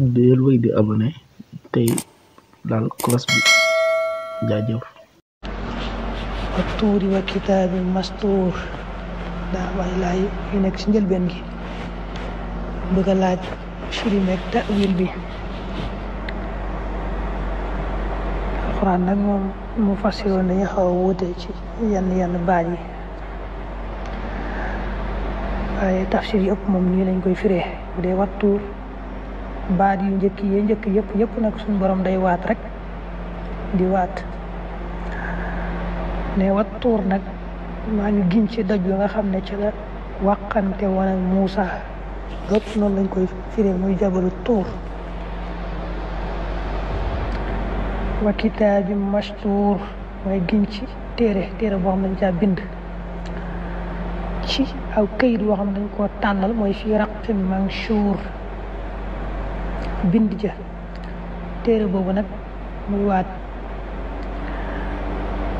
del wéy di abonné tey laal cloche bi jaajëf wa tuuri wa kitaabi mastuur daa way laay yu nekk si njëlbeen gi bëgg laaj firi meeg tawil bi mu fasiroon dañu xaw a wuute ci yenn yenn baat yi waaye tafsir yi moom nii koy firee bu dee wattuur baat yu njëkk yee njëkk yëpp yëpp nag suñu borom day waat rek di waat ne wat tuur nag maa ngi giñ ci doj bi nga xam ne ci la wàqante woon ak Muusa lépp noonu lañ koy firee muy jabalu tuur wa kitaabi mastuur mooy giñ ci téere téere boo xam ne dañ caa bind ci aw kayit boo xam ne dañ ko tànnal mooy fii raqin mansuur bind ja téere boobu nag mu waat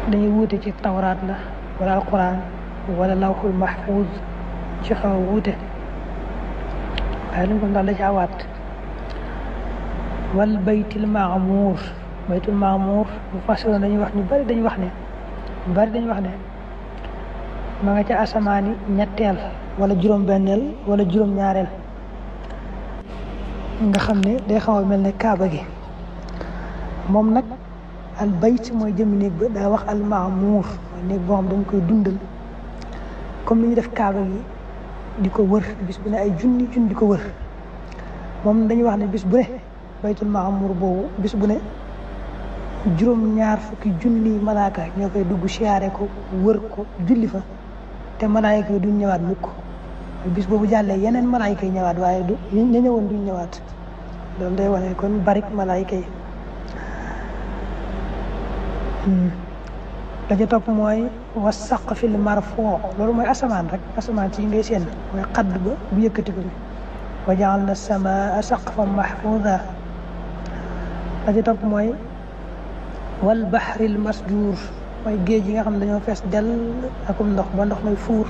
dañuy wuute ci tawraat la wala alquran wala lawxul mahfuz ci xaw a wuute waaye lu ko ndax da caa waat wal baytil maamuur baytul maamuur bu façon dañuy wax ñu bari dañuy wax ne bari dañuy wax ne ma nga ca asamaani ñetteel wala juróom-benneel wala juróom-ñaareel nga xam ne day xaw a mel ne kaaba gi moom nag al bayt mooy jëmmi néeg ba daa wax al maamuur mooy néeg boo xam dañ koy dundal comme ni ñu def kaaba gi di ko wër bis bu ne ay junni junni di ko wër moom dañuy wax ne bis bu ne baytul maamuur boobu bis bu ne juróom ñaar fukki junni malaaka ñoo koy dugg siyaare ko wër ko julli fa te malaayika ko duñ ñëwaat mukk bis boobu jàllee yeneen malaayika koy ñëwaat waaye du ña ñëwoon duñ ñëwaat loolu day wane kon barik malaayka yi la ca topp mooy wasaqfil marfoo loolu mooy asamaan rek asamaan si ngay seen mooy xadd ba bu yëkkati ko bi wa jaal na samaa saqfa mahfuuda la ca topp mooy wal baxril masjuur mooy géej yi nga xam ne dañoo fees dell akum ndox ba ndox may fuur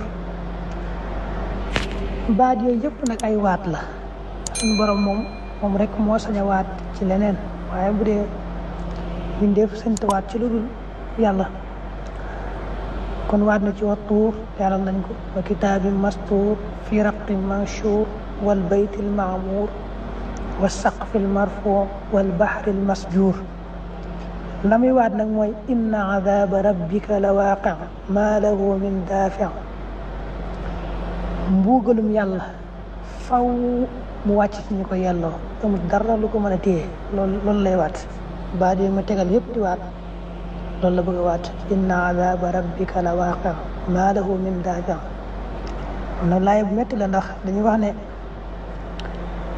baat yooyu yëpp nag ay waat la suñu borom moom moom rek moo sañ a waat ci leneen waaye bu dee bindeef sañta waat ci lu dul yàlla kon waat na ci wa tuur leeral nañ ko wa kitaabin mastuur fi raqin manshuur wal bayti al maamuur wa saqfi al marfuu wal bahri al masjuur la muy waat nag mooy inna adaaba rabbika la waaqi maa lahu min daafi mbuugalum yàlla faw mu wàcc ci ñu ko yelloo amul dara lu ko mën a téye loolu loolu lay waat baat yi ma tegal yëpp di waat loolu la bëgg a waat inna adaba rabbika la waaqi maa lahu min daafiq noonu laay bu metti la ndax dañuy wax ne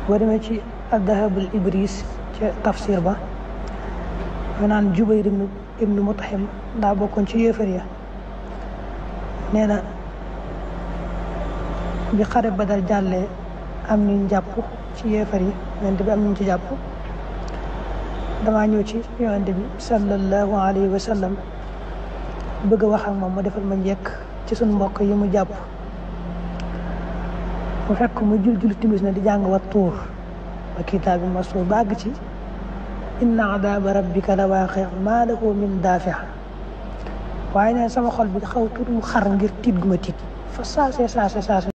boo demee ci addahabul ibris ca tafsir ba mu naan jubayr ibnu ibnu mutahim daa bokkoon ci yéefar ya nee na bi xare badar jàllee am ñu jàpp ci yéefar yi yonent bi am ñu ci jàpp damaa ñëw ci yonent bi sallallahu alayhi wa sallam bëgg wax ak moom mu ma njëkk ci suñ mbokk yi mu jàpp mu fekk mu jul di jàng wa tuur ba kitaabi ci inna adaaba rabbika la waaye neen sama xol bi xaw mu xar ngir tiit gu ma saase saase saase